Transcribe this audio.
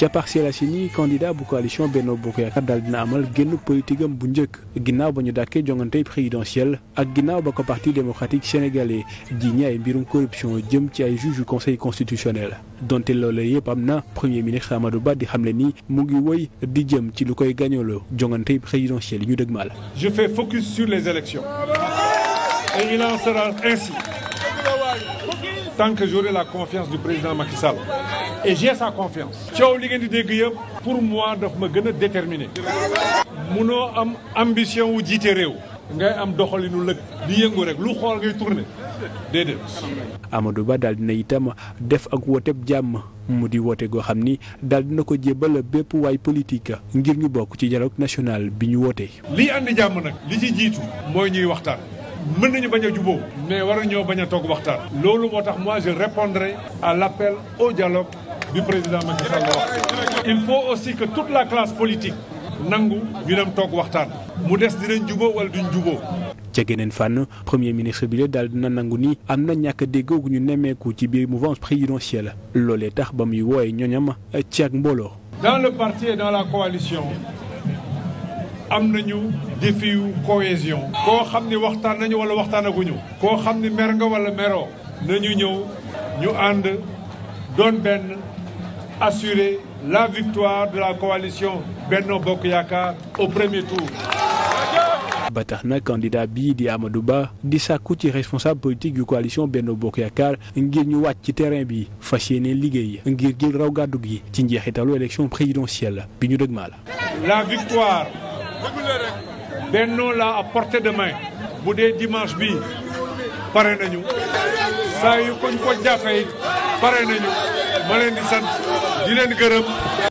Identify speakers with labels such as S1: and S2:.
S1: ca Parcelles Assainies candidat bu coalition Benno Bokk Yaakaar daal dina amal génn politique bu njëkk ginnaaw ba ñu dàkkee jongante présidentielle ak ginnaaw ba ko parti démocratique sénégalais ji ñaay mbirum corruption jëm ci ay juge conseil constitutionnel donte loole yëpp am na premier ministre Amadou Ba di xamle ni mu ngi woy di jëm ci lu koy gañoloo jongante présidentielle yi ñu dëgmal.
S2: Je fais focus sur les élections et il en sera ainsi. tant que j'aurai la confiance du président Macky Sall sa confiance coow li ngeen di dégg yëpp pour moi daf ma gën a déterminé munoo am ambition wu jiite réew ngay am doxalinu lëg di yëngu rek lu xool ngay tourné déedéet
S1: Amadou Ba daal dina itam def ak wooteb jàmm mu di woote goo xam ni daal na ko jébbal bépp waay politique ngir ñu bokk ci dialogue national bi ñu woote.
S2: lii andi jàmm nag li ci jiitu mooy ñuy waxtaan mën nañu bañ a jubóo mais war ñoo bañ a toog waxtaan. loolu moo tax mois je répondrai à l' appel au dialogue du président Macky Sall wax il faut aussi que toute la classe politique nangu ñu
S1: dem toog waxtaan mu des dinañ jubóo wala duñ jubóo. ca geneen fànn premier ministre bi la daal dina nangu nii am na ñàkk a ñu nemmeeku ci biir mouvance la loolee tax ba muy wooye ñoñam ci ak mbooloo.
S2: dans le parti et dans la coalition. am nañu défi yu cohésion. koo xam ni waxtaan nañu wala waxtaanaguñu. koo xam ni mer nga wala meroo. nañu ñëw ñu ànd doon benn assurer la victoire de la coalition Benno Bokk Yaakaar au premier tour.
S1: ba tax na candidat bii di Amadou Ba di sàkku ci responsable politique yu coalition Benno Bokk Yaakaar ngir ñu wàcc ci terrain bi fas yéene liggéey ngir jël raw gàddu gi ci njeexitalu élection présidentielle bi ñu dëgmaa
S2: la. la victoire. Benno la a portée de main bu dee dimanche bi pare nañu saa yu koñ ko jàppee pare nañu maleen di sant di leen gërëm